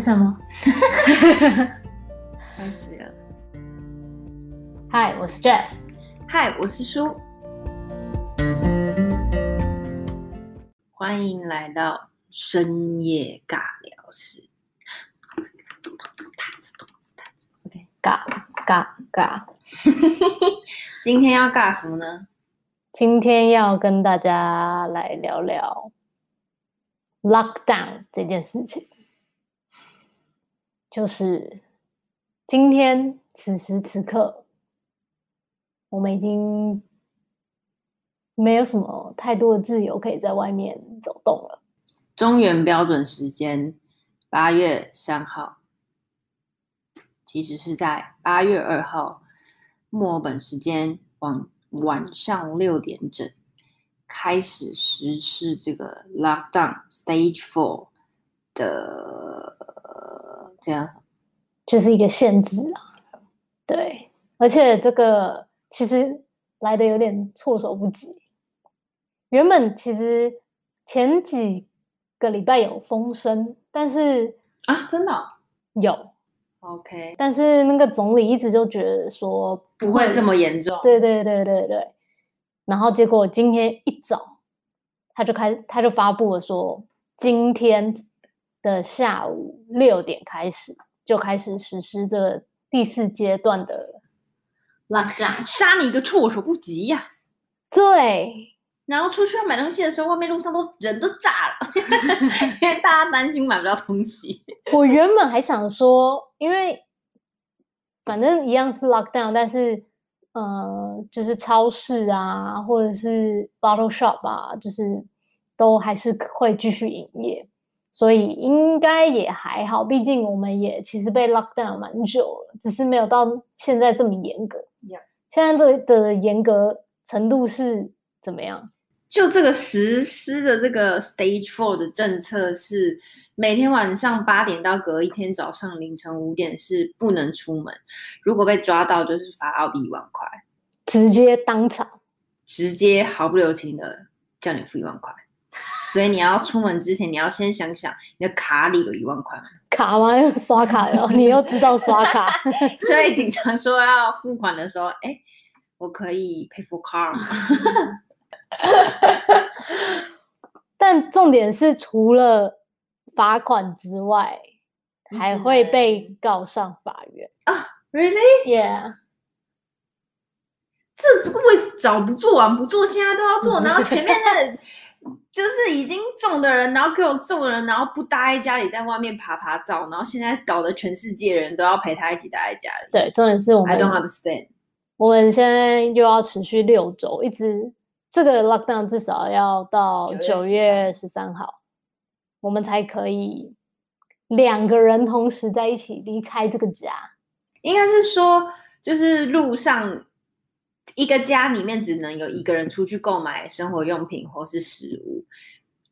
什麼？開始了。嗨，我是 Jess。嗨，我是舒。歡迎來到深夜尬聊室。OK，尬尬尬。尬 今天要尬什麼呢？今天要跟大家來聊聊 Lockdown 這件事情。就是今天此時此刻，我們已經沒有什麼太多的自由可以在外面走動了。中原標準時間八月三號，其實是在八月二號墨爾本時間晚晚上六點整開始實施這個 lockdown stage four 的。呃，這樣就是一個限制啊。對，而且這個其實來的有點措手不及。原本其實前幾個禮拜有風聲，但是啊，真的啊，有。OK，但是那個總理一直就覺得說不會啊，不會這麼嚴重。對對對對對。然後結果今天一早他就開他就發布了說今天。的下午六點開始就開始實施這第四階段的 lockdown，殺 你一個措手不及呀，啊！對，然後出去要買東西的時候，外面路上都人都炸了， 因為大家擔心買不到東西。 我原本還想說，因為反正一樣是 lockdown，但是呃，就是超市啊，或者是 bottle shop 啊，就是都還是會繼續營業。所以應該也還好，畢竟我們也其實被 lockdown 蠻久了，只是沒有到現在這麼嚴格。Yeah. 現在這的，的嚴格程度是怎麼樣？就這個實施的這個 stage four 的政策是，每天晚上八點到隔一天早上凌晨五點是不能出門，如果被抓到就是罰澳幣一萬塊，直接當場，直接毫不留情的叫你付一萬塊。所以你要出門之前，你要先想想你的卡裡有一萬塊嗎？卡嗎？要刷卡喲， 你又知道刷卡。 所以警察說要付款的時候，哎、欸，我可以 pay for car 嗎？ 但重點是，除了罰款之外，還會被告上法院啊？Really？Yeah。 oh, really? yeah. 這為早不做晚，啊、不做，現在都要做， 然後前面的。就是已經中的人，然後給中的人，然後不待在家裡，在外面趴趴走，然後現在搞得全世界人都要陪他一起待在家裡。對，重點是我們，don't understand 我們現在又要持續六周，一直這個 lockdown 至少，要到九月十三號，我們才可以兩個人同時在一起離開這個家。應該是說，就是路上。一個家裡面只能有一個人出去購買生活用品或是食物，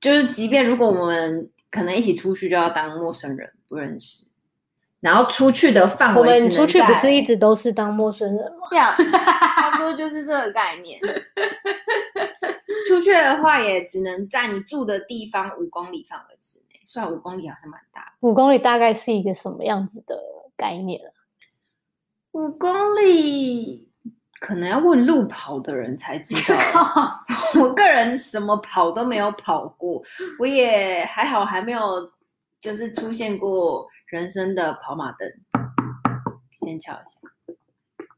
就是即便如果我們可能一起出去，就要當陌生人，不認識。然後出去的範圍，我們出去不是一直都是當陌生人嗎？對，差不多就是這個概念。 出去的話，也只能在你住的地方五公里範圍之內。算五公里好像蠻大的，五公里大概是一個什麼樣子的概念啊？五公里。可能要問路跑的人才知道。我個人什麼跑都沒有跑過，我也還好，還沒有就是出現過人生的跑馬燈。先敲一下，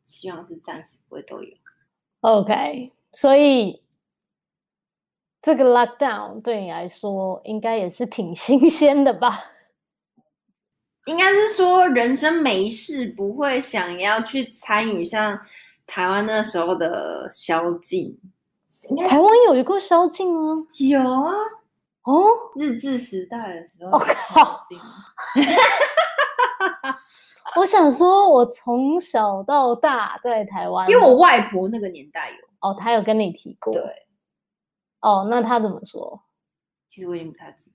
希望是暫時不會都有。OK，所以這個 lockdown 對你來說應該也是挺新鮮的吧？應該是說人生沒事，不會想要去參與像。台灣那時候的宵禁，台灣有一個宵禁啊，有啊，哦，日治時代的時候的，我、oh, 靠， 我想說，我從小到大在台灣，因為我外婆那個年代有，哦，她有跟你提過，對，哦，那他怎麼說？其實我已經不太記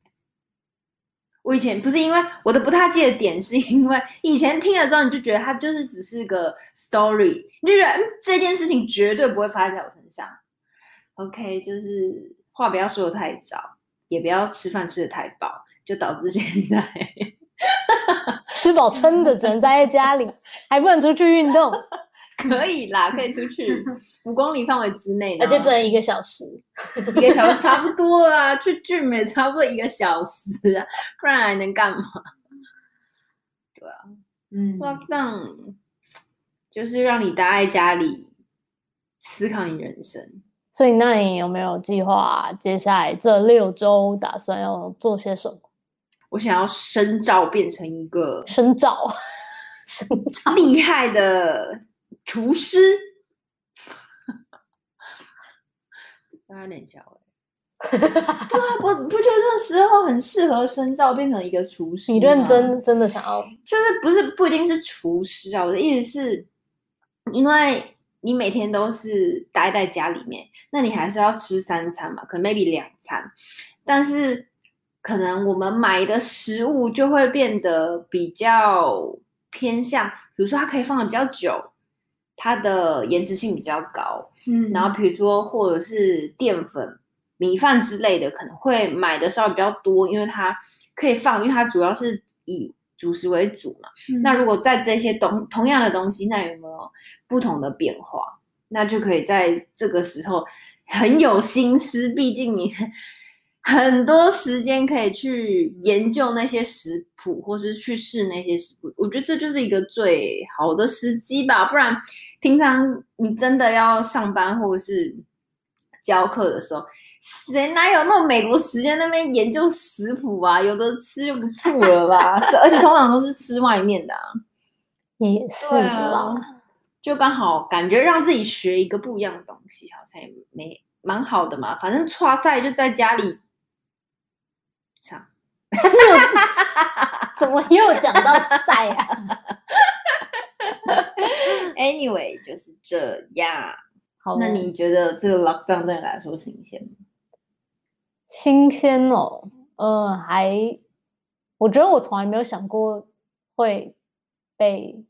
我以前不是因為我的不太記得點，是因為以前聽的時候你就覺得它就是只是個 story，你就覺得，嗯，這件事情絕對不會發生在我身上。OK，就是話不要說的太早，也不要吃飯吃的太飽，就導致現在 吃飽撐着只能待在家裡， 還不能出去運動。可以啦，可以出去五 公里範圍之內，而且只能一個小時， 一個小時差不多啊。 去聚美差不多一個小時啊，不然還能幹嘛？對啊，嗯，哇，這樣就是讓你待在家裡思考你人生。所以，那你有沒有計劃接下來這六周打算要做些什麼？我想要深造，變成一個深造，深造厲害的。廚師，讓他臉焦了。 對啊，我不不覺得這時候很適合深造，變成一個廚師。你認真真的想要？就是不是不一定是廚師啊，我的意思是，因為你每天都是待在家裡面，那你還是要吃三餐嘛，可能 maybe 兩餐，但是可能我們買的食物就會變得比較偏向，比如說它可以放的比較久。它的延遲性比較高，嗯，然後比如說或者是澱粉、米飯之類的，可能會買的稍微比較多，因為它可以放，因為它主要是以主食為主嘛。嗯、那如果在這些東同樣的東西，那有沒有不同的變化？那就可以在這個時候很有心思，畢竟你。很多時間可以去研究那些食譜，或是去試那些食譜。我覺得這就是一個最好的時機吧。不然平常你真的要上班或者是教課的時候，誰哪有那麼美國時間那邊研究食譜啊？有的吃就不錯了吧？ 而且通常都是吃外面的。啊，也是啊，就剛好感覺讓自己學一個不一樣的東西，好像也沒蠻好的嘛。反正參賽就在家裡。 是，怎麼又講到賽啊 ？Anyway，就是這樣。好，那你覺得這個 lockdown 對你來說新鮮嗎？新鮮哦，呃，還，我覺得我從來沒有想過會被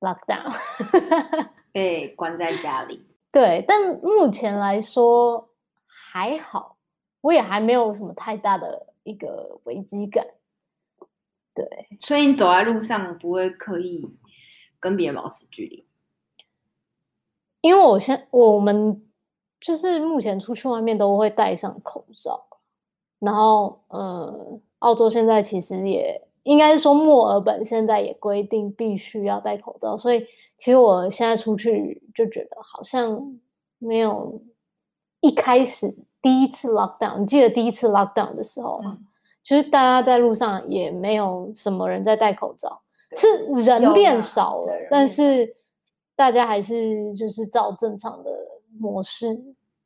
lockdown， 被關在家裡。對，但目前來說還好。我也還沒有什麼太大的一個危機感，對，所以你走在路上不會刻意跟別人保持距離，因為我現我們就是目前出去外面都會戴上口罩，然後嗯，澳洲現在其實也應該是說墨爾本現在也規定必須要戴口罩，所以其實我現在出去就覺得好像沒有一開始。第一次 lockdown，你記得第一次 lockdown 的時候嗎、嗯？就是大家在路上也沒有什麼人在戴口罩，嗯、是,人變,、啊、是人變少了，但是大家還是就是照正常的模式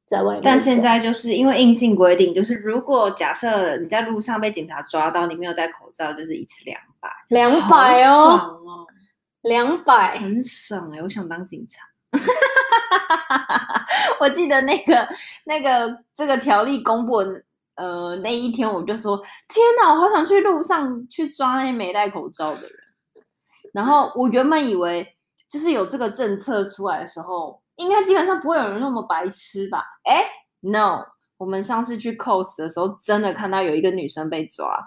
在外面。但現在就是因為硬性規定，就是如果假設你在路上被警察抓到，你沒有戴口罩，就是一次兩百，兩百哦，兩百、哦、很爽哎、欸，我想當警察。 哈哈哈哈我記得那個、那個、這個條例公布的，呃，那一天我就說：天哪，我好想去路上去抓那些沒戴口罩的人。然後我原本以為，就是有這個政策出來的時候，應該基本上不會有人那麼白痴吧？誒，no，我們上次去 cos 的時候，真的看到有一個女生被抓，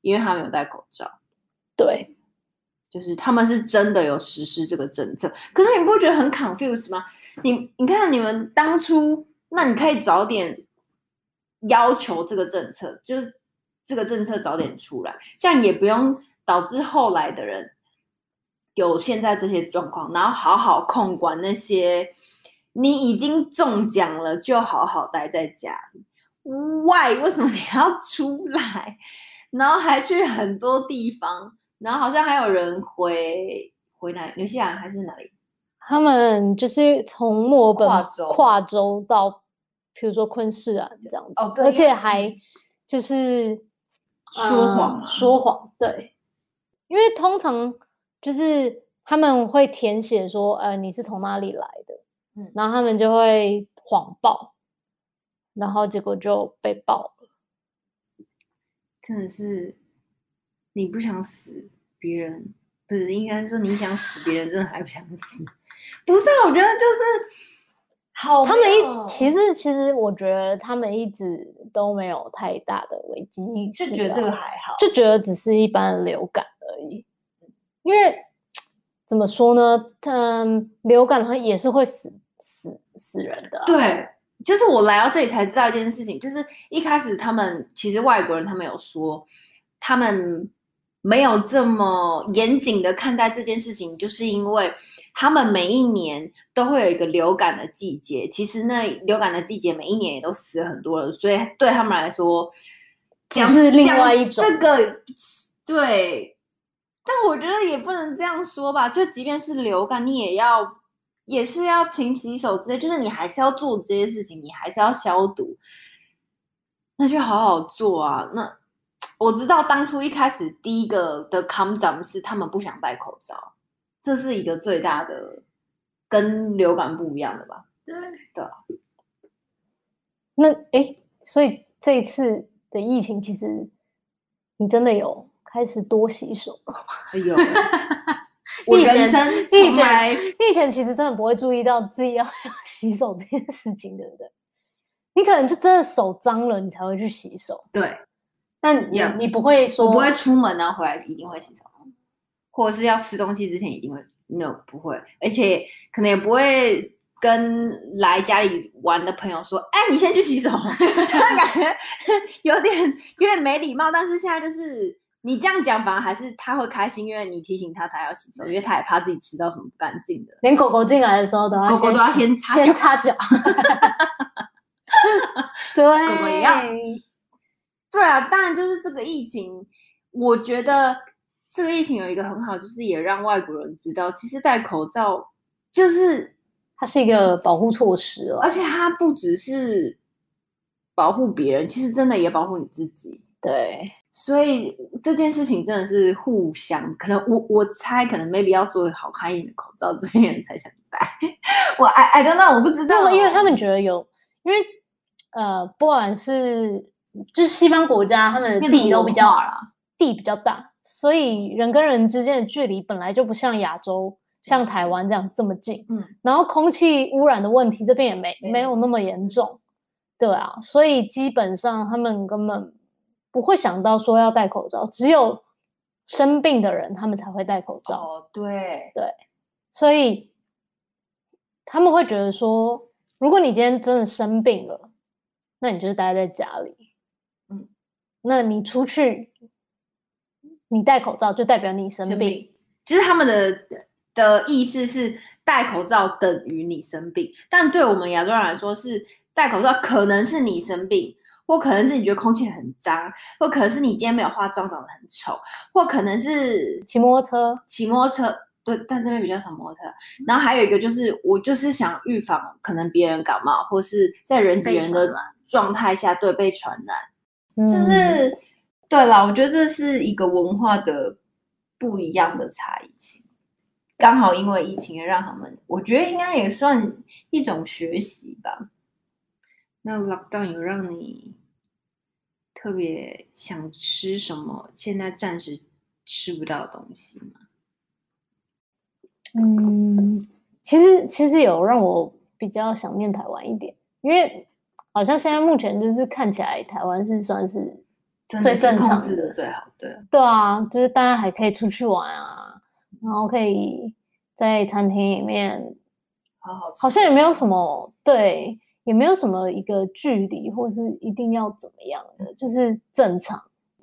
因為她沒有戴口罩。對。就是他們是真的有實施這個政策，可是你不覺得很 confuse 嗎？你你看，你們當初那你可以早點要求這個政策，就這個政策早點出來，這樣也不用導致後來的人有現在這些狀況。然後好好控管，那些你已經中獎了，就好好待在家裡。Why 為什麼你要出來？然後還去很多地方。然後好像還有人回回來紐西蘭還是哪裡？他們就是從墨爾本跨州，跨州到比如說昆士蘭這樣子。對，oh, 對。而且還就是說謊，嗯，說謊，嗯，對。因為通常就是他們會填寫說，呃，你是從哪裡來的？然後他們就會謊報，然後結果就被爆了，真的是。你不想死別人，不是應該說你想死別人， 真的還不想死，不是啊，我覺得就是好、哦。他們一其實其實，其實我覺得他們一直都沒有太大的危機意識，就覺得這個還好，就覺得只是一般流感而已。因為怎麼說呢？他們流感他也是會死死死人的啊。對，就是我來到這裡才知道一件事情，就是一開始他們其實外國人他們有說他們。沒有這麼嚴謹的看待這件事情，就是因為他們每一年都會有一個流感的季節。其實那流感的季節每一年也都死很多人，所以對他們來說，就是另外一種。這個對，但我覺得也不能這樣說吧。就即便是流感，你也要也是要勤洗手之類，就是你還是要做這些事情，你還是要消毒。那就好好做啊，那。我知道當初一開始第一個的 come down 是他們不想戴口罩，這是一個最大的跟流感不一樣的吧？對的、啊。那哎，所以這一次的疫情，其實你真的有開始多洗手了嗎？哎呦，我 以前，生以前，你以前其實真的不會注意到自己要洗手這件事情，對不對？你可能就真的手髒了，你才會去洗手。對。但你你不會說、yeah，我不會出門啊，回來一定會洗手，或者是要吃東西之前一定會。No，不會，而且可能也不會跟來家裡玩的朋友說：“哎、欸，你先去洗手。”哈哈，感覺有點有點沒禮貌。但是現在就是你這樣講，反而還是他會開心，因為你提醒他他要洗手，因為他也怕自己吃到什麼不乾淨的。連狗狗進來的時候，狗狗都要先擦腳先擦腳。 對，狗狗也要。對啊，當然就是這個疫情，我覺得這個疫情有一個很好，就是也讓外國人知道，其實戴口罩，就是它是一個保護措施啊。嗯，而且它不只是保護別人，其實真的也保護你自己。對，所以這件事情真的是互相，可能我我猜可能 maybe 要做好看一點的口罩，這邊人才想戴。 我 I, I don't know 我不知道，因，因為他們覺得有，因為呃，不管是。就是西方國家，他們地都比較矮啦，這個嗯，地比較大，所以人跟人之間的距離本來就不像亞洲，嗯，像台灣這樣子這麼近。嗯，然後空氣污染的問題這邊也沒、嗯、沒有那麼嚴重，對啊，所以基本上他們根本不會想到說要戴口罩，只有生病的人他們才會戴口罩。哦，對對，所以他們會覺得說，如果你今天真的生病了，那你就是待在家裡。那你出去，你戴口罩就代表你生病。生，其實他們的的意思是戴口罩等於你生病，但對我們亞洲人來說是戴口罩可能是你生病，或可能是你覺得空氣很髒，或可能是你今天沒有化妝，長得很醜，或可能是騎摩托車。騎摩托車，對，但這邊比較少摩托車。嗯。然後還有一個就是，我就是想預防可能別人感冒，或是在人擠人的狀態下，對，被傳染。就是對啦，我覺得這是一個文化的不一樣的差異性。剛好因為疫情，也讓他們我覺得應該也算一種學習吧。那 Lockdown 有讓你特別想吃什麼？現在暫時吃不到東西嗎？嗯，其實其實有讓我比較想念台灣一點，因為。好像現在目前就是看起來台灣是算是最正常，的是控制的最好，對對啊，就是大家還可以出去玩啊，然後可以在餐廳裡面，好好好像也沒有什麼對，也沒有什麼一個距離或是一定要怎麼樣的，嗯，就是正常。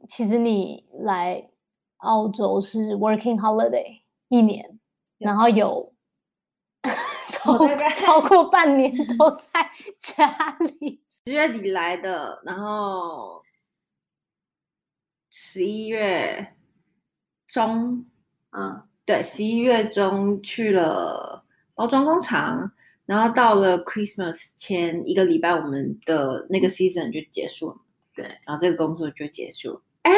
其實你來澳洲是 working holiday 一年，然後有。嗯 超，哦、超過半年都在家裡。十 月底來的，然後十一月中，嗯，對，十一月中去了包裝工廠，然後到了 Christmas 前一個禮拜，我們的那個 season 就結束了。對，然後這個工作就結束了。哎，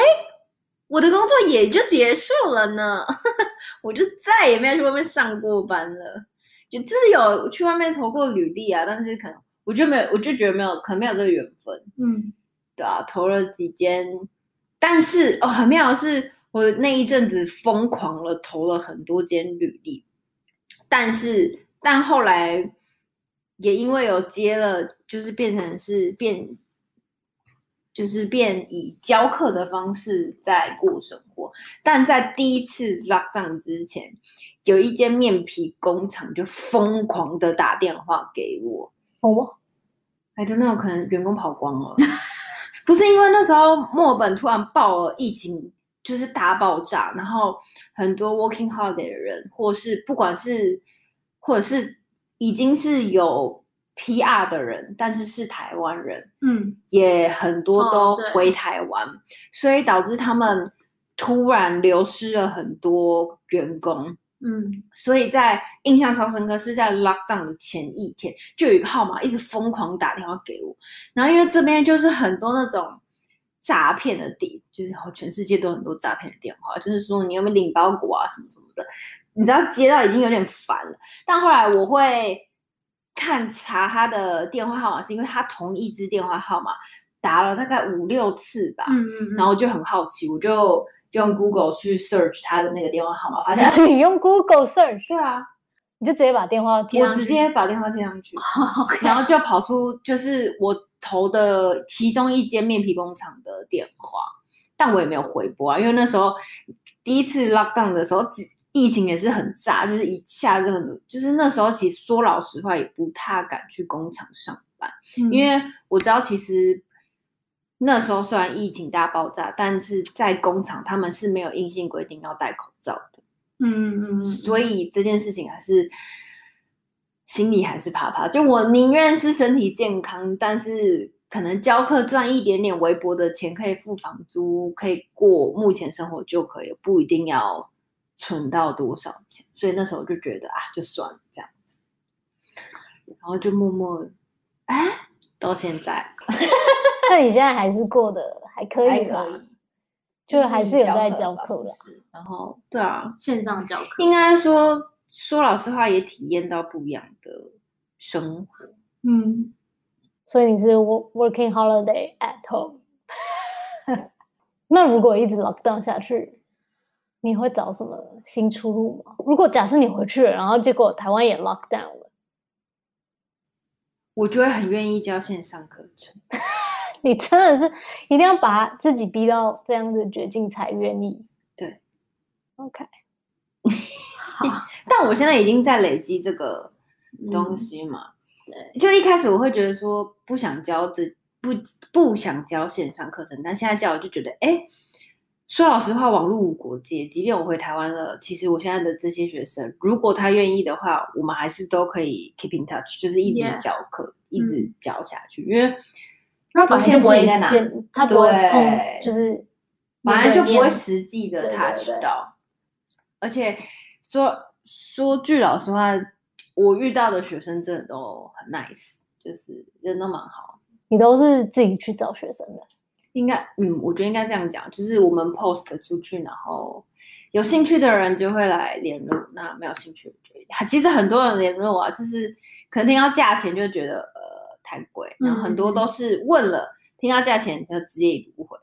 我的工作也就結束了呢， 我就再也沒有去外面上過班了。就只是有去外面投過履歷啊，但是可能我就沒有，我就覺得沒有，可能沒有這個緣分。嗯，對啊，投了幾間，但是哦，很妙的是，我那一陣子瘋狂地投了很多間履歷，但是但後來也因為有接了，就是變成是變，就是變以教課的方式在過生活，但在第一次 lockdown 之前。有一間麵皮工廠就瘋狂的打電話給我，好嗎？還真的有可能員工跑光了， 不是因為那時候墨爾本突然爆了疫情，就是大爆炸，然後很多 working holiday 的人，或是不管是或者是已經是有 PR 的人，但是是台灣人，嗯，也很多都回台灣，oh，所以導致他們突然流失了很多員工。嗯，所以在印象超深刻，是在 lockdown 的前一天，就有一個號碼一直瘋狂打電話給我。然後因為這邊就是很多那種詐騙的地，就是全世界都很多詐騙的電話，就是說你有沒有領包裹啊什麼什麼的。你知道接到已經有點煩了，但後來我會看查他的電話號碼，是因為他同一支電話號碼打了大概五六次吧。嗯嗯嗯，然後我就很好奇，我就，嗯用 Google 去 search 他的那個電話號碼，發現你 用 Google search 對啊，你就直接把電話貼，我直接把電話貼上去， Okay. 然後就跑出就是我投的其中一間麵皮工廠的電話，但我也沒有回撥啊，因為那時候第一次 lockdown 的時候，疫疫情也是很炸，就是一下就很，就是那時候其實說老實話也不太敢去工廠上班，嗯，因為我知道其實。那時候雖然疫情大爆炸，但是在工廠他們是沒有硬性規定要戴口罩的。嗯嗯，所以這件事情還是心裡還是怕怕。就我寧願是身體健康，但是可能教課賺一點點微薄的錢，可以付房租，可以過目前生活就可以，不一定要存到多少錢。所以那時候就覺得啊，就算了這樣子，然後就默默哎，到，啊，現在。 那你現在還是過得還可以吧？還可以，可以，就是，就還是有在教課室，然後、嗯，對啊，線上教課。應該說，說老實話，也體驗到不一樣的生活。嗯，所以你是 working holiday at home。 那如果一直 lockdown 下去，你會找什麼新出路嗎？如果假設你回去了，然後結果台灣也 lockdown 了，我就會很願意教線上課程。你真的是一定要把自己逼到這樣子的絕境才願意。對，OK， 好。但我現在已經在累積這個東西嘛，嗯、對。就一開始我會覺得說不想教這不不想教線上課程，但現在教我就覺得哎，說老實話，網絡無國界，即便我回台灣了，其實我現在的這些學生，如果他願意的話，我們還是都可以 keep in touch，就是一直教課，yeah. 一直教下去，嗯、因為。那保而就不在哪，他不會碰，就是本來就不會實際的，他知道。而且說說句老實話，我遇到的學生真的都很 nice，就是人都蠻好。你都是自己去找學生的。應該，嗯，我覺得應該這樣講，就是我們 post 出去，然後有興趣的人就會來聯絡、嗯。那沒有興趣，我覺得其實很多人聯絡啊，就是可能聽到價錢，就覺得呃。太貴，然後很多都是問了、嗯、聽到價錢就直接已讀不回。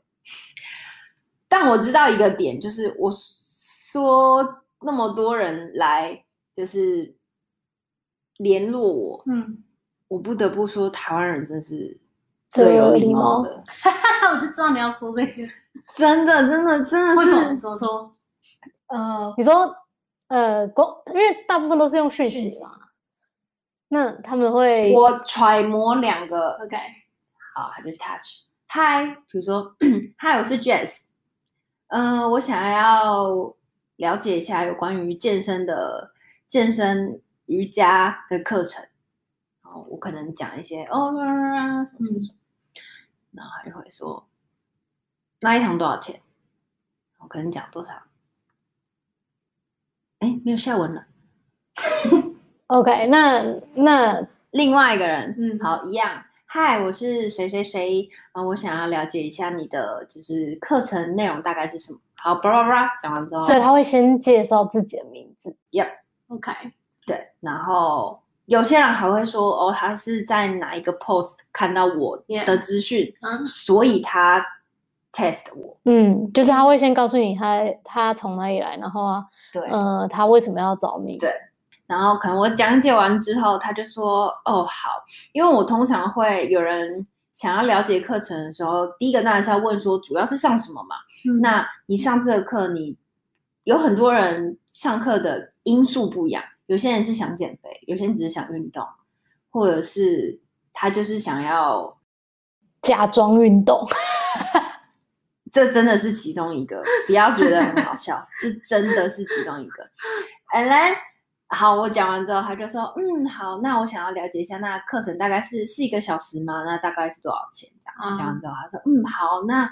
但我知道一個點，就是我說那麼多人來就是聯絡我，嗯，我不得不說台灣人真是最有禮貌的。貌 我就知道你要說這個，真的真的真的是為什麼怎麼說？呃，你說呃，國，因為大部分都是用訊息。那他們會我揣摩兩個 OK 好，還是 Touch 嗨，比如說 Hi，我是 Jess 嗯，我想要了解一下有關於健身的健身瑜伽的課程，然、oh, 我可能講一些哦，嗯、 oh,，然後還會說那一堂多少錢？我可能講多少？哎，沒有下文了。 OK，那那另外一個人，嗯，好，一樣。嗨，我是誰誰誰，嗯、呃，我想要了解一下你的就是課程內容大概是什麼？好，巴拉巴拉講完之後，所以他會先介紹自己的名字。Yep，OK，對。然後有些人還會說，哦，他是在哪一個 post 看到我的資訊，yeah. 所以他 test 我。嗯，就是他會先告訴你他他從哪裡來，然後啊，對，呃，他為什麼要找你？對。然後可能我講解完之後，他就說：“哦，好，因為我通常會有人想要了解課程的時候，第一個當然是要問說主要是上什麼嘛。嗯、那你上這個課你，你有很多人上課的因素不一樣，有些人是想減肥，有些人只是想運動，或者是他就是想要假裝運動。 這真的是其中一個，不要覺得很好笑， 這真的是其中一個，Allen。”好，我講完之後，他就說，嗯，好，那我想要了解一下，那課程大概是是一個小時嗎？那大概是多少錢？這樣講完之後，他說，嗯，好，那，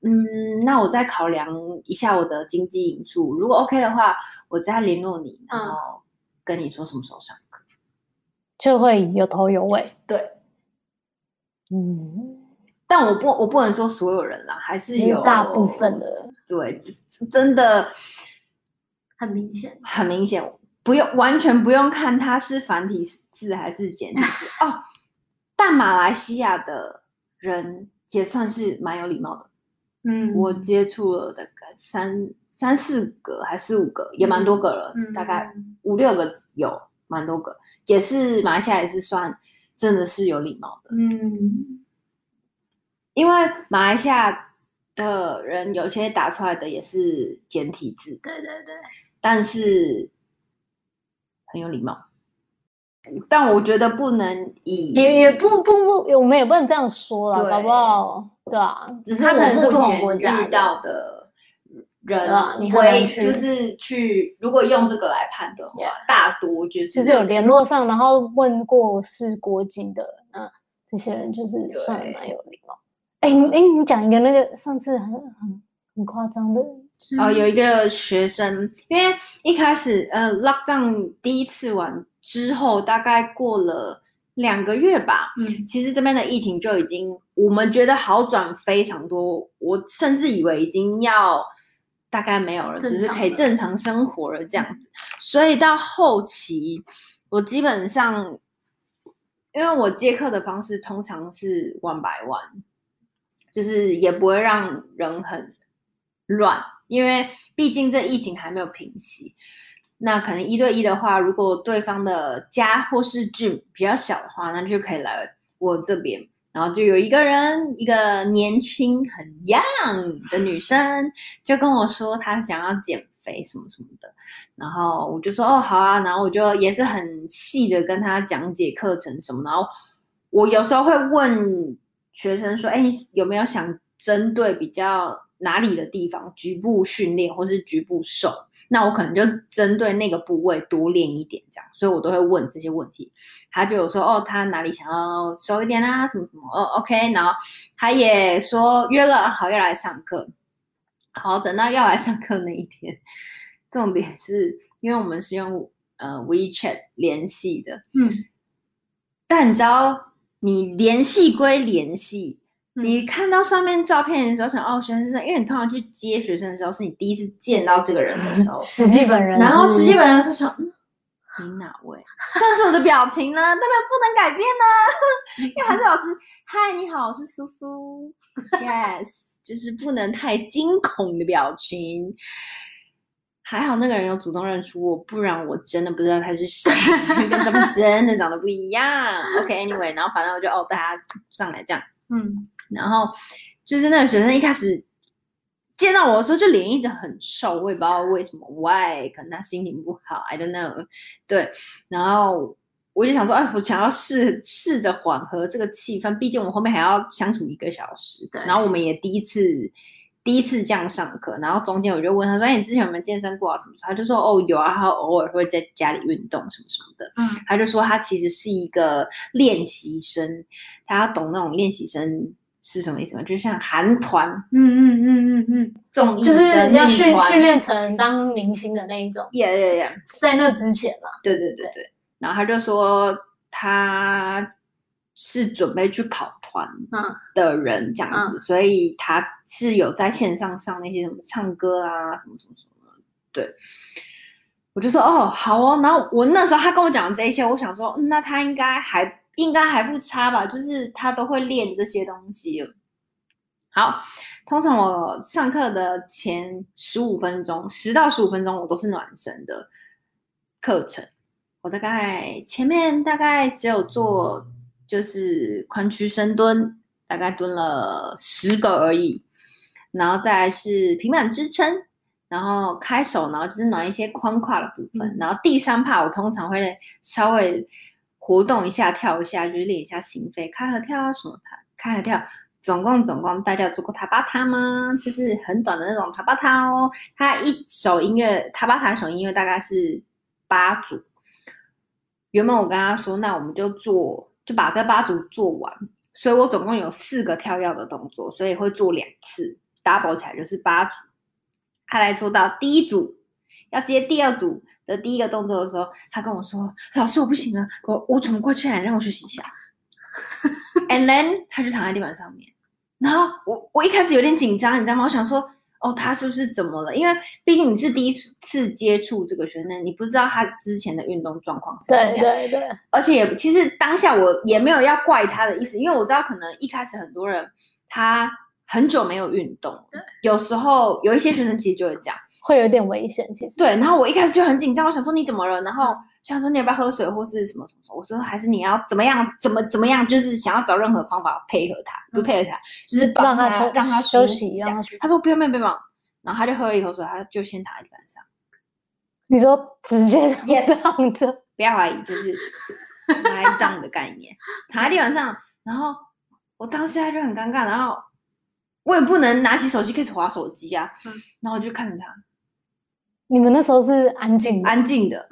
嗯，那我再考量一下我的經濟因素，如果 OK 的話，我再聯絡你，然後跟你說什麼時候上課，就會有頭有尾。對，嗯，但我不，我不能說所有人啦，還是有，有大部分的，對，是真的很明顯，很明顯。不用，完全不用看它是繁體字還是簡體字哦， oh, 但馬來西亞的人也算是蠻有禮貌的，嗯，我接觸了大概三三四個還是五個，也蠻多個了，嗯，大概五六個有蠻多個，也是馬來西亞也是算真的是有禮貌的，嗯，因為馬來西亞的人有些打出來的也是簡體字，對對對，但是。很有禮貌，但我覺得不能以也也不不不，我們也不能這樣說了，好不好？對啊，只是不同國家遇到的人，你會就是去，嗯，如果用這個來判的話，嗯，大多，就是、就是有聯絡上，然後問過是國籍的，那這些人就是算蠻有禮貌。哎哎，欸欸，你講一個那個上次很很很誇張的。是哦，有一個學生，因為一開始呃，lock down 第一次完之後，大概過了兩個月吧，嗯，其實這邊的疫情就已經我們覺得好轉非常多，嗯、我甚至以為已經要大概沒有了，就是可以正常生活了這樣子。嗯、所以到後期，我基本上因為我接課的方式通常是 one by one，就是也不會讓人很亂。因為畢竟這疫情還沒有平息，那可能一對一的話，如果對方的家或是 gym 比較小的話，那就可以來我這邊。然後就有一個人，一個年輕很 young 的女生，就跟我說她想要減肥什麼什麼的。然後我就說哦好啊，然後我就也是很細的跟她講解課程什麼。然後我有時候會問學生說，哎、欸、你有沒有想針對比較。哪裡的地方局部訓練或是局部瘦，那我可能就針對那個部位多練一點，這樣，所以我都會問這些問題。他就有說：“哦，他哪裡想要瘦一點啊，什麼什麼哦，OK。”然後他也說約了好要來上課。好，等到要來上課那一天，重點是，因為我們是用，呃，WeChat 聯繫的，嗯。但你知道你，你聯繫歸聯繫。你看到上面照片的時候想，想、嗯、哦學生，生，因為你通常去接學生的時候，是你第一次見到這個人的時候，實、嗯、際本人是是，然後實際本人是想、嗯、你哪位？但 是我的表情呢，當然不能改變呢，因為還是老師，嗨， 你好，我是蘇蘇 ，Yes，就是不能太驚恐的表情。還好那個人有主動認出我，不然我真的不知道他是誰， 跟他們真的長得不一樣。 OK，Anyway，、okay, 然後反正我就哦，大家上來這樣。嗯，然後就是那個學生一開始見到我的時候，就臉一直很臭，我也不知道為什麼，Why？可能他心情不好，I don't know。對，然後我就想說，哎，我想要試試着緩和這個氣氛，畢竟我們後面還要相處一個小時。對，然後我們也第一次。第一次這樣上課，然後中間我就問他說，說、欸：“你之前有沒有健身過啊？什麼？”他就說：“哦，有啊，他偶爾會在家裡運動什麼什麼的。”嗯，他就說他其實是一個練習生，他要懂那種練習生是什麼意思嗎？就像韓團，嗯嗯嗯嗯嗯，這、嗯嗯、就是要訓訓練成當明星的那一種。耶耶耶，在那之前嘛。對對對對，然後他就說他。是準備去考團的人這樣子，嗯嗯，所以他是有在線上上那些什麼唱歌啊，什麼什麼什麼的，對。我就說哦，好哦。然後我那時候他跟我講這些，我想說，嗯、那他應該還應該還不差吧，就是他都會練這些東西。好，通常我上課的前十五分鐘，十到十五分鐘我都是暖身的課程，我大概前面大概只有做。就是寬屈深蹲，大概蹲了十個而已，然後再是平板支撐，然後開手，然後就是暖一些寬胯的部分，嗯、然後第三趴我通常會稍微活動一下，跳一下，就是練一下心肺，開合跳啊什麼的，開合跳，總共總共大家有做過塔巴塔嗎？就是很短的那種塔巴塔哦，他一首音樂塔巴塔，一首音樂大概是八組。原本我跟他說，那我們就做。就把這八組做完，所以我總共有四個跳躍的動作，所以會做兩次，double 起來就是八組。他來做到第一組，要接第二組的第一個動作的時候，他跟我說：“老師，我不行了，我我喘不過氣來，讓我休息一下。 ” And then 他就躺在地板上面，然後我我一開始有點緊張，你知道嗎？我想說。哦，他是不是怎麼了？因為畢竟你是第一次接觸這個學生，你不知道他之前的運動狀況是怎麼樣。對對對，而且也，其實當下我也沒有要怪他的意思，因為我知道可能一開始很多人他很久沒有運動，對。有時候有一些學生其實就會這樣。會有點危險，其實對。然後我一開始就很緊張，我想說你怎麼了？然後想說你要不要喝水，或是什麼什麼。我說還是你要怎麼樣，怎麼怎麼樣，就是想要找任何方法配合他，不配合他，就是他讓他讓他休息，樣讓他。他說不要，不要，不要。然後他就喝了一口水，他就先躺在地板上。你說直接也躺着，yes, 不要懷疑，就是 lay down 的概念，躺在地板上。然後我當時他就很尷尬，然後我也不能拿起手機開始劃手機啊。嗯、然後我就看着他。你們那時候是安靜安靜的，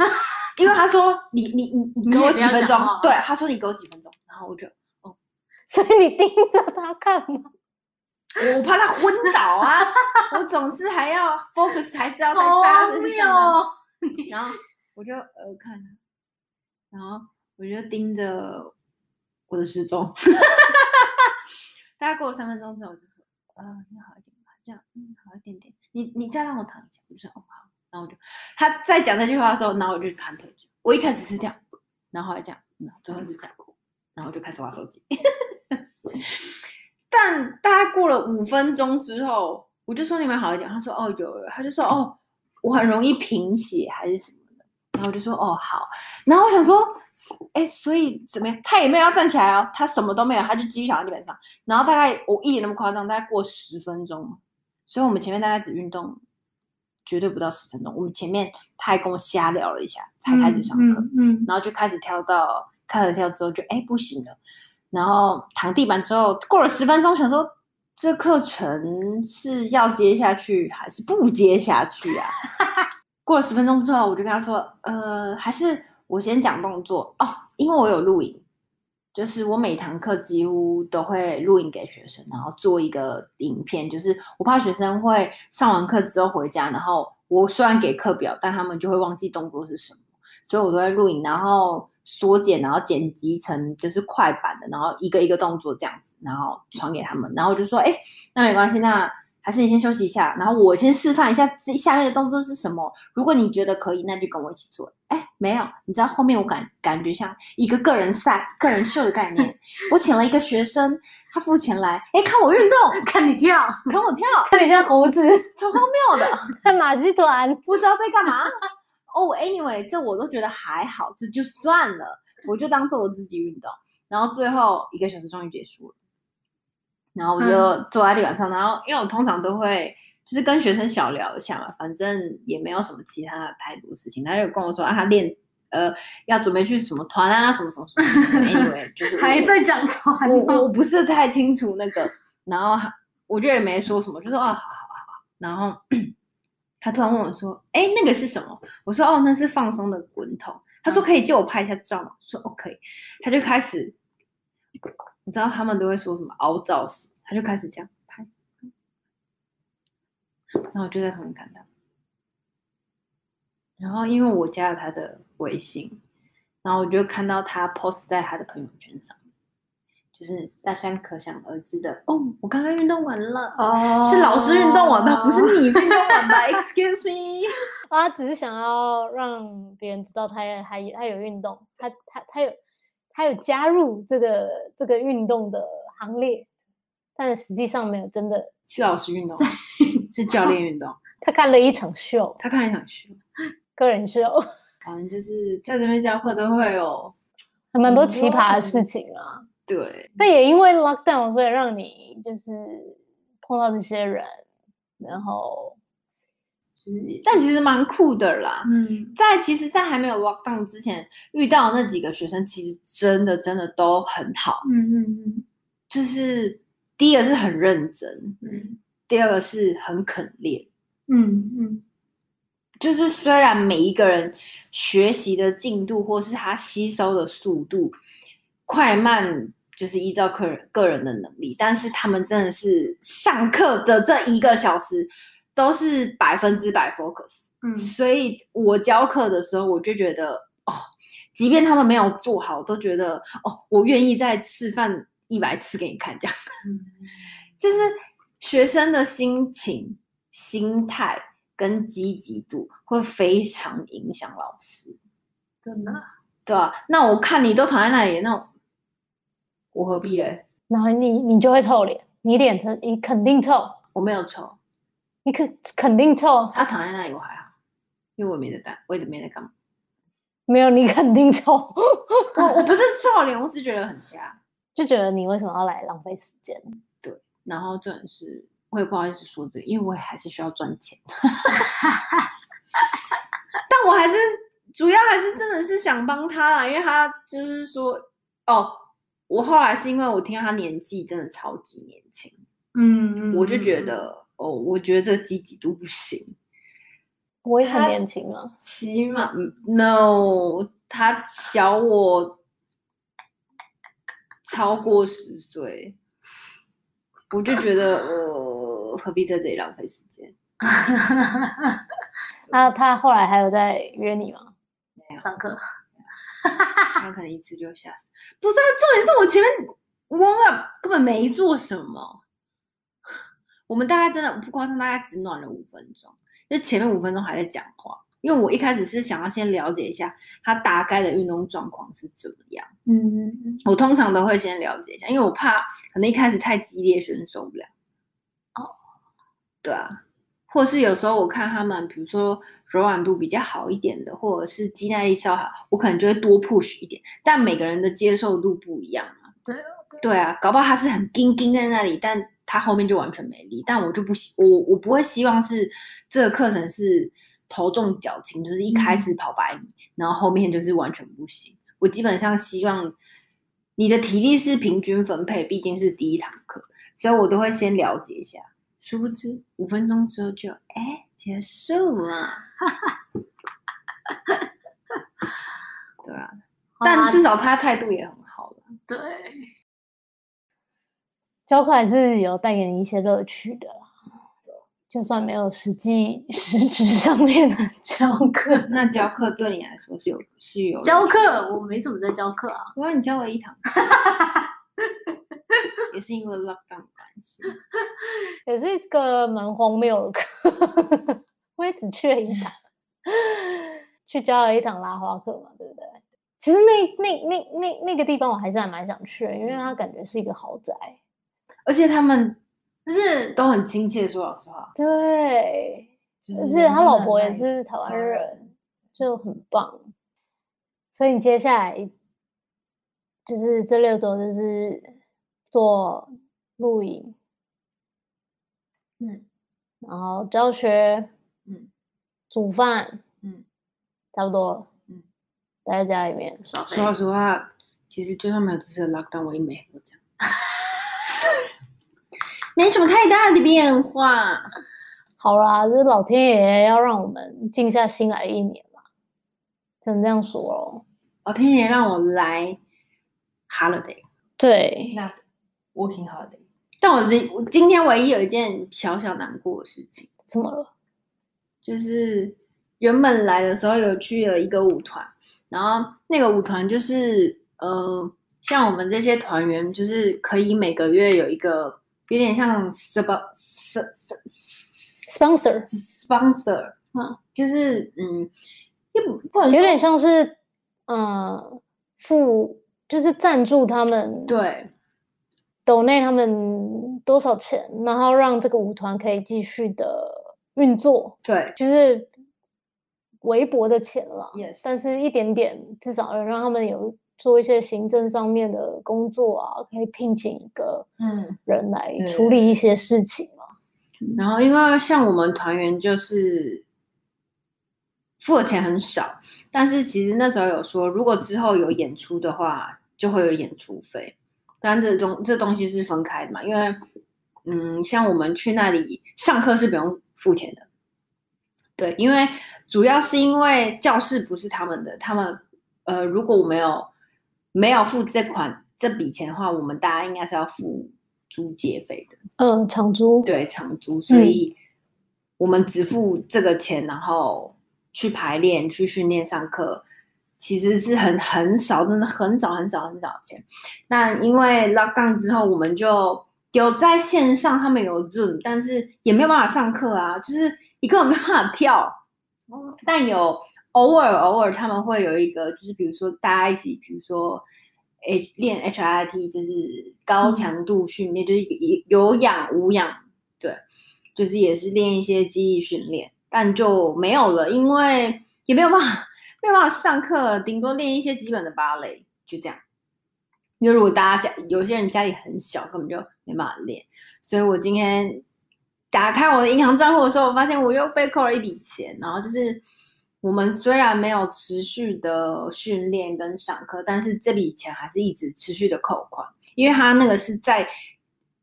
因為他說你你你你給我幾分鐘，對，他說你給我幾分鐘，然後我就哦，所以你盯着他看嗎？哦。我怕他昏倒啊！ 我總是還要 focus，還是要在扎他身上。然後我就呃看，然後我就盯着我的時鐘。 大概過了三分鐘之後，我就說嗯、哦，你好一點，這樣嗯，好一點點，你你再讓我躺一下，我就說哦好。然後就他在講這句話的時候，然後我就盤腿。我一開始是這樣，然後還這樣，然後最後就是這樣，然後就開始玩手機。 但大概過了五分鐘之後，我就說你們好一點。他說哦有了，他就說哦我很容易貧血還是什麼的。然後我就說哦好。然後我想說哎所以怎麼樣？他也沒有要站起來哦、啊，他什麼都沒有，他就繼續躺在地板上。然後大概我一點那麼誇張，大概過十分鐘，所以我們前面大概只運動。絕對不到十分鐘，我們前面他還跟我瞎聊了一下，才開始上課，嗯嗯嗯、然後就開始跳到開始跳之後就哎不行了，然後躺地板之後過了十分鐘，想說這課程是要接下去還是不接下去啊？ 過了十分鐘之後，我就跟他說，呃，還是我先講動作哦，因為我有錄影。就是我每堂課幾乎都會錄影給學生，然後做一個影片。就是我怕學生會上完課之後回家，然後我雖然給課表，但他們就會忘記動作是什麼，所以我都會錄影，然後縮減，然後剪輯成就是快版的，然後一個一個動作這樣子，然後傳給他們，然後就說，哎、欸，那沒關係，那。還是你先休息一下，然後我先示範一下下面的動作是什麼。如果你覺得可以，那就跟我一起做。哎，沒有，你知道後面我感感覺像一個個人賽、個人秀的概念。 我請了一個學生，他付錢來，哎，看我運動，看你跳，看我跳，看你像猴子，呵呵超荒謬的，看馬戲團不知道在幹嘛。哦 ，oh，anyway，這我都覺得還好，這就算了，我就當做我自己運動。然後最後一個小時終於結束了。然後我就坐在地板上，嗯、然後因為我通常都會就是跟學生小聊一下嘛，反正也沒有什麼其他的太多事情。他就跟我說啊，他練呃要準備去什麼團啊，什麼什麼,什麼，我以為就是還在講團。我我不是太清楚那個，然後我就也沒說什麼，就說哦，好好好，然後 他突然問我說，哎，那個是什麼？我說哦，那是放鬆的滾筒。他說可以借我拍一下照嗎？我說 OK。他就開始。你知道他們都會說什麼凹造型，他就開始這樣拍，然後我就在他們看他。然後因為我加了他的微信，然後我就看到他 post 在他的朋友圈上，就是大家可想而知的，哦，我剛剛運動完了，哦、oh，是老師運動完的，oh, no. 不是你運動完吧 ？Excuse me，他、啊、只是想要讓別人知道他有，他有運動，他他他有。他有加入這個這個運動的行列，但是實際上沒有真的。是老師運動， 是教練運動。他看了一場秀，他看了一場秀， 個人秀。反正就是在這邊教課都會有，還蠻多奇葩的事情啊。對。但也因為 lockdown，所以讓你就是碰到這些人，然後。但其實蠻酷的啦。嗯，在其實，在還沒有 lockdown 之前，遇到那幾個學生，其實真的真的都很好。嗯嗯嗯，就是第一個是很認真，嗯，第二個是很肯練，嗯嗯。就是雖然每一個人學習的進度或是他吸收的速度快慢，就是依照個人個人的能力，但是他們真的是上課的這一個小時，都是百分之百 focus、嗯、所以我教課的時候，我就覺得哦，即便他們沒有做好，都覺得哦，我願意再示範一百次給你看，這樣、嗯，就是學生的心情、心態跟積極度會非常影響老師，真、嗯、的，對、啊、那我看你都躺在那裡，那我，我何必嘞？那、no, 你你就會臭臉，你臉成你肯定臭，我沒有臭。你肯肯定臭，他躺在那裡我還好，因為我沒得幹，我也沒得幹嘛。沒有，你肯定臭。我 我不是臭臉，我是覺得很瞎，就覺得你為什麼要來浪費時間？對。然後這人是，我也不好意思說這個，因為我還是需要賺錢。 但我還是主要還是真的是想幫他啦，因為他就是說，哦，我後來是因為我聽到他年紀真的超級年輕，嗯，我就覺得。嗯哦、oh，我覺得這積極度不行，我也很年輕啊，起碼，no，他小我超過十歲， 我就覺得呃，何必在這裡浪費時間？那 對、 啊、他後來還有在約你嗎？沒有，上課。他可能一次就嚇死。 不是、啊，重點是我前面忘了根本沒做什麼。我們大概真的不誇張，大家只暖了五分鐘。就前面五分鐘還在講話，因為我一開始是想要先了解一下他大概的運動狀況是怎麼樣。嗯、mm -hmm.，我通常都會先了解一下，因為我怕可能一開始太激烈，選手受不了。哦、oh.，對啊，或是有時候我看他們，比如說柔軟度比較好一點的，或者是肌耐力稍好，我可能就會多 push 一點。但每個人的接受度不一樣啊。對、okay.，對啊，搞不好他是很硬硬在那裡，但。他後面就完全沒力，但我就不希我我不會希望是這個課程是頭重腳輕，就是一開始跑百米、嗯，然後後面就是完全不行。我基本上希望你的體力是平均分配，畢竟是第一堂課，所以我都會先了解一下。殊不知五分鐘之後就哎結束了， 對啊，但至少他態度也很好了，嗯、對。教課還是有帶給你一些樂趣的啦，就算沒有實際實質上面的教課，嗯，那教課對你來說是有是有？教課我沒怎麼在教課啊，我讓你教了一堂，也是因為 lockdown 關係，也是一個蠻荒謬的課，我也只去了一堂，去教了一堂拉花課嘛，對不對？其實那那那那那個地方我還是還蠻想去的，因為它感覺是一個豪宅。而且他們就是都很親切，說老實話，對。而且他老婆也是台灣人，嗯、就很棒。所以你接下來就是這六周就是做錄影，嗯，然後教學，嗯，煮飯，嗯，差不多，嗯，待在家裡面。說實話，說實話，其實就算沒有這次的 lockdown，我也沒沒什麼太大的變化，好啦，就是老天爺要讓我們靜下心來一年嘛，只能這樣說了。老天爺讓我來 holiday，對，那 working holiday。但我今今天唯一有一件小小難過的事情，什麼了？就是原本來的時候有去了一個舞團，然後那個舞團就是呃，像我們這些團員，就是可以每個月有一個。有點像什麼，sponsor，sponsor，啊，就是嗯，嗯，有點像是嗯，付就是贊助他們，對，抖內他們多少錢，然後讓這個舞團可以繼續的運作，對，就是微薄的錢了，Yes. 但是一點點，至少讓他們有。做一些行政上面的工作啊，可以聘請一個嗯人來處理一些事情嘛，啊，嗯。然後因為像我們團員就是付的錢很少，但是其實那時候有說，如果之後有演出的話，就會有演出費。但這東這東西是分開的嘛，因為嗯，像我們去那裡上課是不用付錢的。對，因為主要是因為教室不是他們的，他們呃，如果我沒有。沒有付這款這筆錢的話，我們大家應該是要付租借費的。嗯，長租。對，長租、嗯，所以我們只付這個錢，然後去排練、去訓練、上課，其實是很很少，真的很少、很少、很少錢。那因為 lock down 之後，我們就有在線上，他們有 Zoom，但是也沒有辦法上課啊，就是一個沒有辦法跳，哦、但有。偶爾偶爾他們會有一個，就是比如說大家一起，比如說 H，練 HIT，就是高強度訓練、嗯，就是有氧無氧，對，就是也是練一些肌力訓練，但就沒有了，因為也沒有辦法，沒有辦法上課，頂多練一些基本的芭蕾，就這樣。因為如果大家家有些人家裡很小，根本就沒辦法練，所以我今天打開我的銀行賬戶的時候，我發現我又被扣了一筆錢，然後就是。我們雖然沒有持續的訓練跟上課，但是這筆錢還是一直持續的扣款，因為它那個是在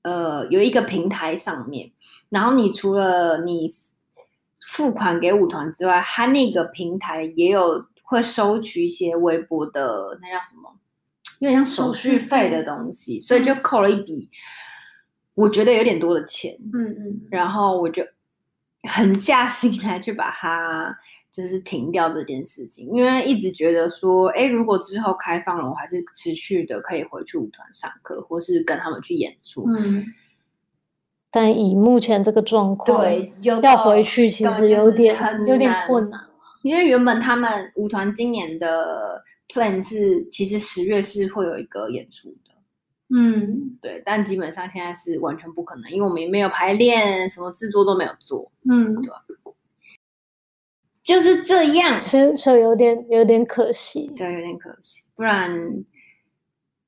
呃有一個平台上面，然後你除了你付款給舞團之外，它那個平台也有會收取一些微薄的，那叫什麼，有點像手續費的東西，所以就扣了一筆我覺得有點多的錢，嗯嗯，然後我就狠下心來去把它。就是停掉這件事情，因為一直覺得說，哎，如果之後開放了，我還是持續的可以回去舞團上課，或是跟他們去演出。嗯，但以目前這個狀況，對，要回去其實有點、就是、有點困難。因為原本他們舞團今年的 plan 是，其實十月是會有一個演出的。嗯，對，但基本上現在是完全不可能，因為我們也沒有排練，什麼製作都沒有做。嗯，對。就是這樣，所以有點有點可惜。對，有點可惜。不然，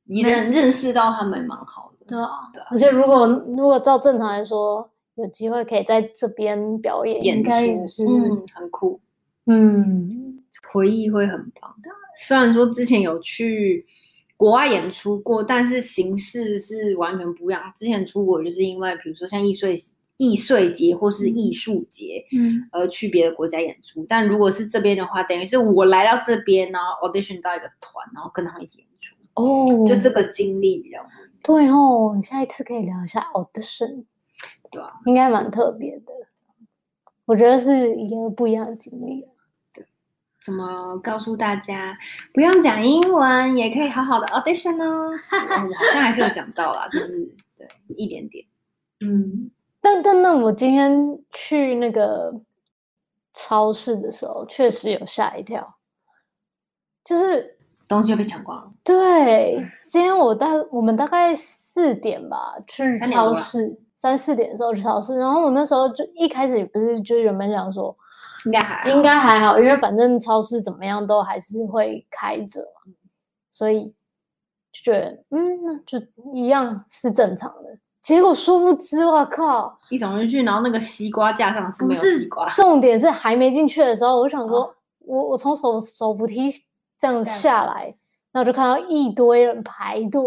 你能認識到他們也蠻好的。對啊，而且如果如果照正常來說，有機會可以在這邊表演，演出應該也是嗯很酷。嗯，回憶會很棒。嗯。雖然說之前有去國外演出過，但是形式是完全不一樣。之前出國就是因為比如說像易碎性、藝穗節或是藝術節，嗯，而去別的國家演出。嗯嗯、但如果是這邊的話，等於是我來到這邊，然後 audition 到一個團，然後跟他們一起演出。哦，就這個經歷。對哦，下一次可以聊一下 audition，對、啊、應該蠻特別的。我覺得是一個不一樣的經歷。對，怎麼告訴大家？不用講英文也可以好好的 audition 哦。 哦，我好像還是有講到啦，就是對一點點，嗯。但但那我今天去那個超市的時候，確實有嚇一跳，就是東西就被搶光了。對，今天我大我們大概四點吧去超市，三四點的時候去超市，然後我那時候就一開始不是就原本想說應該還好，應該還好，因為反正超市怎麼樣都還是會開着，嗯，所以就覺得嗯，那就一樣是正常的。結果殊不知，我靠！一走進去，然後那個西瓜架上不是西瓜。重點是還沒進去的時候，我想說，哦、我我從手手扶梯這樣下來，然後就看到一堆人排隊。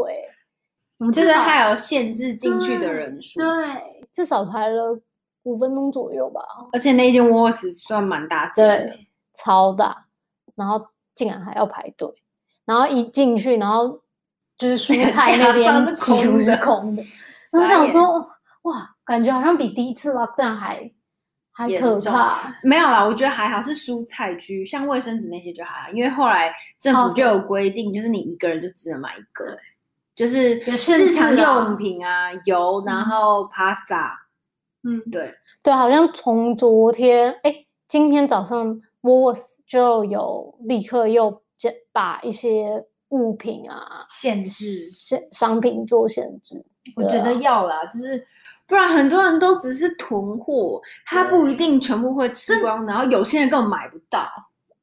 我們這是還有限制進去的人數，對、嗯，至少排了五分鐘左右吧。而且那間臥室算蠻大，對，超大。然後竟然還要排隊，然後一進去，然後就是蔬菜那邊幾乎 是空的。我想說，哇，感覺好像比第一次 Lockdown 還還可怕。沒有啦，我覺得還好，是蔬菜區，像衛生紙那些就好。因為後來政府就有規定，就是你一個人就只能買一個，欸，就是日常、啊嗯、用品啊，油，然後 pasta。嗯，對對，好像從昨天哎，欸，今天早上 Woolies 就有立刻又把一些物品啊限制，限商品做限制。我覺得要啦，啊、就是不然很多人都只是囤貨，他不一定全部會吃光，然後有些人根本買不到。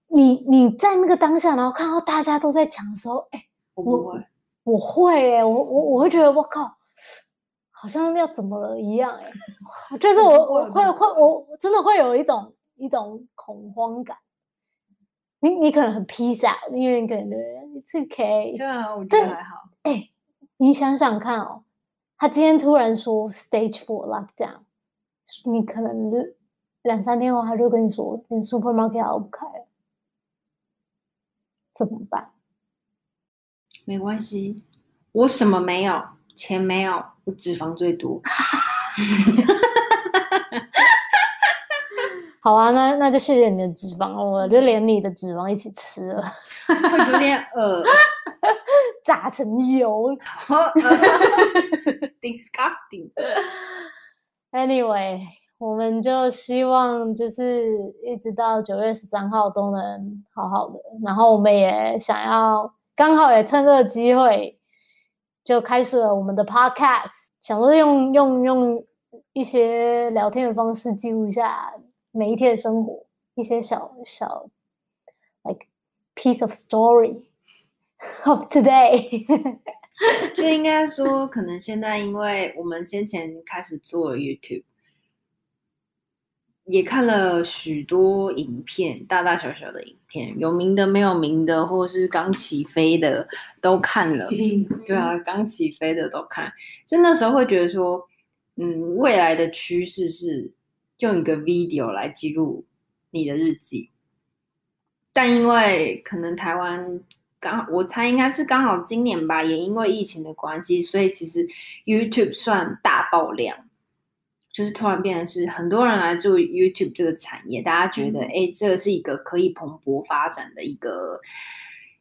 你你在那個當下，然後看到大家都在搶的時候，哎，我不會我，我會哎、欸，我我我會覺得我靠，好像要怎麼了一樣哎、欸，就是我 會我會會我真的會有一種一種恐慌感。你你可能很 peace out，因為你可能覺得對，It's okay，對啊，我覺得還好。哎，你想想看哦。他今天突然說 Stage Four Lockdown，你可能兩三天後他就跟你說，你 supermarket 熬不開了，怎麼辦？沒關係，我什麼沒有，錢沒有，我脂肪最多。 好啊，那那就謝謝你的脂肪，我就連你的脂肪一起吃了。有點餓，炸成油。Oh, uh. Disgusting. Anyway，我們就希望就是一直到九月十三號都能好好的。然後我們也想要，剛好也趁這個機會，就開始了我們的 podcast。想說用用用一些聊天的方式記錄一下每一天的生活，一些小小 like piece of story of today 。 就應該說，可能現在因為我們先前開始做 YouTube，也看了許多影片，大大小小的影片，有名的、沒有名的，或者是剛起飛的都看了。對啊，剛起飛的都看。所以那時候會覺得說，嗯，未來的趨勢是用一個 video 來記錄你的日記。但因為可能台灣。剛我猜應該是剛好今年吧，也因為疫情的關係，所以其實 YouTube 算大爆量，就是突然變成是很多人來做 YouTube 這個產業，大家覺得哎、嗯欸，這是一個可以蓬勃發展的一個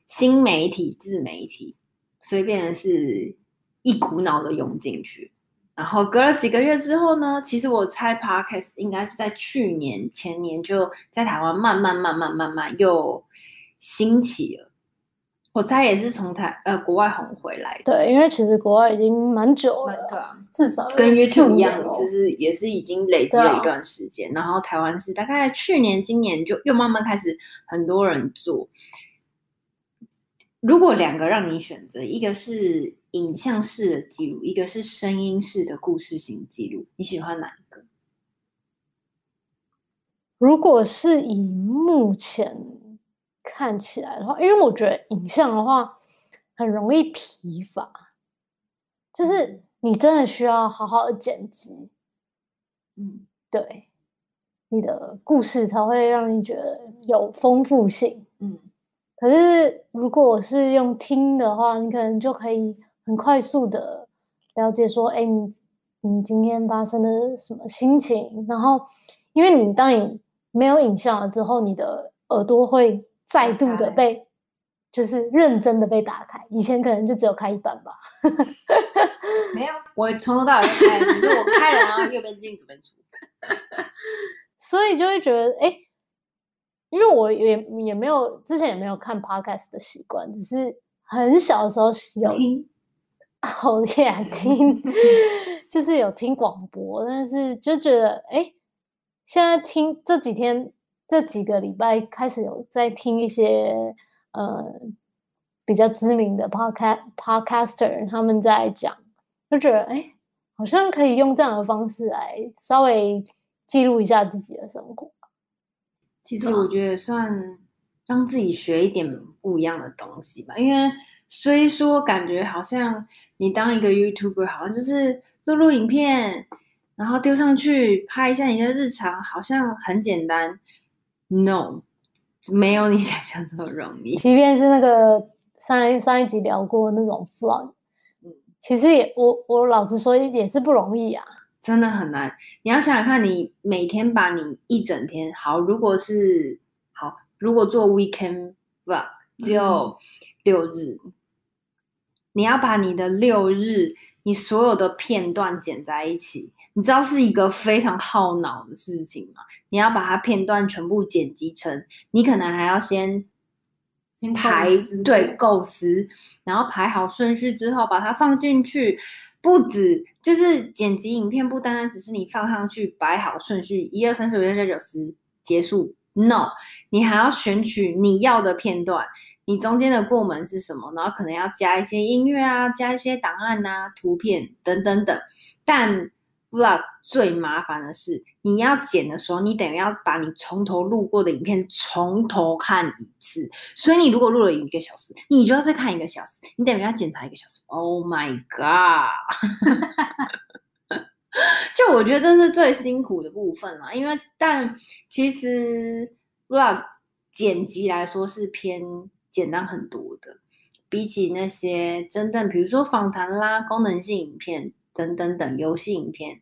新媒體自媒體，所以變成是一股腦的湧進去。然後隔了幾個月之後呢，其實我猜 Podcast 應該是在去年前年就在台灣慢慢慢慢慢慢又興起了。我猜也是從台呃國外紅回來的。對，因為其實國外已經蠻久了，對啊，至少、哦、跟 YouTube 一樣，就是也是已經累積了一段時間、哦。然後台灣是大概去年、今年就又慢慢開始，很多人做。如果兩個讓你選擇，一個是影像式的記錄，一個是聲音式的故事型記錄，你喜歡哪一個？如果是以目前。看起來的話，因為我覺得影像的話很容易疲乏，就是你真的需要好好的剪輯，嗯，對，你的故事才會讓你覺得有豐富性，嗯。可是如果是用聽的話，你可能就可以很快速的了解說，哎、欸，你你今天發生了什麼心情？然後，因為你當你沒有影像了之後，你的耳朵會。再度的被，就是認真的被打開。以前可能就只有開一半吧， 沒有。我從頭到尾開，你就是我開了啊， 然後右邊進，左邊出。所以就會覺得，哎、欸，因為我也也沒有之前也沒有看 podcast 的習慣，只是很小的時候有熬夜聽，哦、聽 就是有聽廣播，但是就覺得，哎、欸，現在聽這幾天。這幾個禮拜開始有在聽一些呃比較知名的 podcast podcaster，他們在講，就覺得哎，好像可以用這樣的方式來稍微記錄一下自己的生活。其實我覺得算讓自己學一點不一樣的東西吧，因為雖說感覺好像你當一個 YouTuber，好像就是錄錄影片，然後丟上去拍一下你的日常，好像很簡單。no，沒有你想象這麼容易。即便是那個上一上一集聊過那種 vlog、嗯、其實也我我老實說也是不容易啊。真的很難。你要想想看，你每天把你一整天好，如果是好，如果做 weekend 吧，只有六日、嗯，你要把你的六日你所有的片段剪在一起。你知道是一個非常耗腦的事情嗎？你要把它片段全部剪輯成，你可能還要先排先排對構思，然後排好順序之後把它放進去。不止就是剪輯影片，不單單只是你放上去擺好順序，一二三四五六七八九十結束。No，你還要選取你要的片段，你中間的過門是什麼？然後可能要加一些音樂啊，加一些檔案啊、圖片等等等，但。vlog 最麻煩的是，你要剪的時候，你等於要把你從頭錄過的影片從頭看一次。所以你如果錄了一個小時，你就要再看一個小時，你等於要檢查一個小時。Oh my god！ 就我覺得這是最辛苦的部分啦，因為但其實 vlog 剪輯來說是偏簡單很多的，比起那些真正比如說訪談啦、功能性影片。等等等遊戲影片，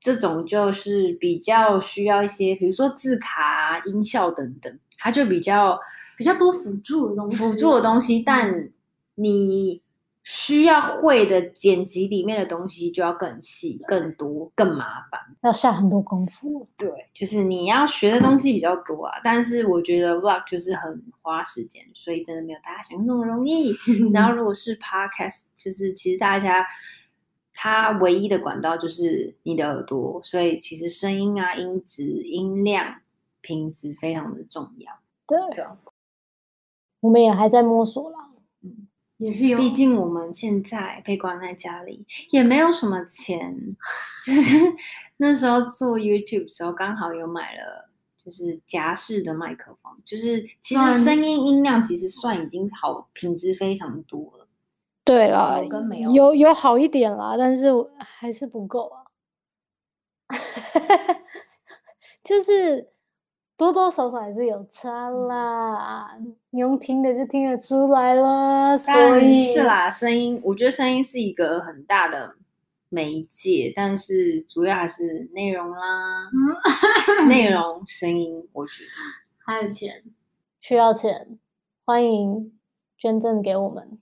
這種就是比較需要一些，比如說字卡、啊、音效等等，它就比較比較多輔助的東西。輔助的東西，但你需要會的剪輯裡面的東西就要更細、更多、更麻煩，要下很多功夫。對，就是你要學的東西比較多啊。嗯、但是我覺得 vlog 就是很花時間，所以真的沒有大家想那麼容易。 然後如果是 podcast，就是其實大家。它唯一的管道就是你的耳朵，所以其實聲音啊、音質、音量、品質非常的重要。對的，我們也還在摸索了。嗯，也是有。畢竟我們現在被關在家裡，也沒有什麼錢。 就是那時候做 YouTube 時候，剛好有買了，就是夾式的麥克風。就是其實聲音音量，其實算已經好，品質非常多了。對啦，有有好一點啦，但是我還是不夠啊。 就是多多少少還是有差啦，你、嗯、用聽的就聽得出來啦。聲音是啦，聲音，我覺得聲音是一個很大的媒介，但是主要還是內容啦。嗯、 內容、聲音，我覺得還有錢，需要錢，歡迎捐贈給我們。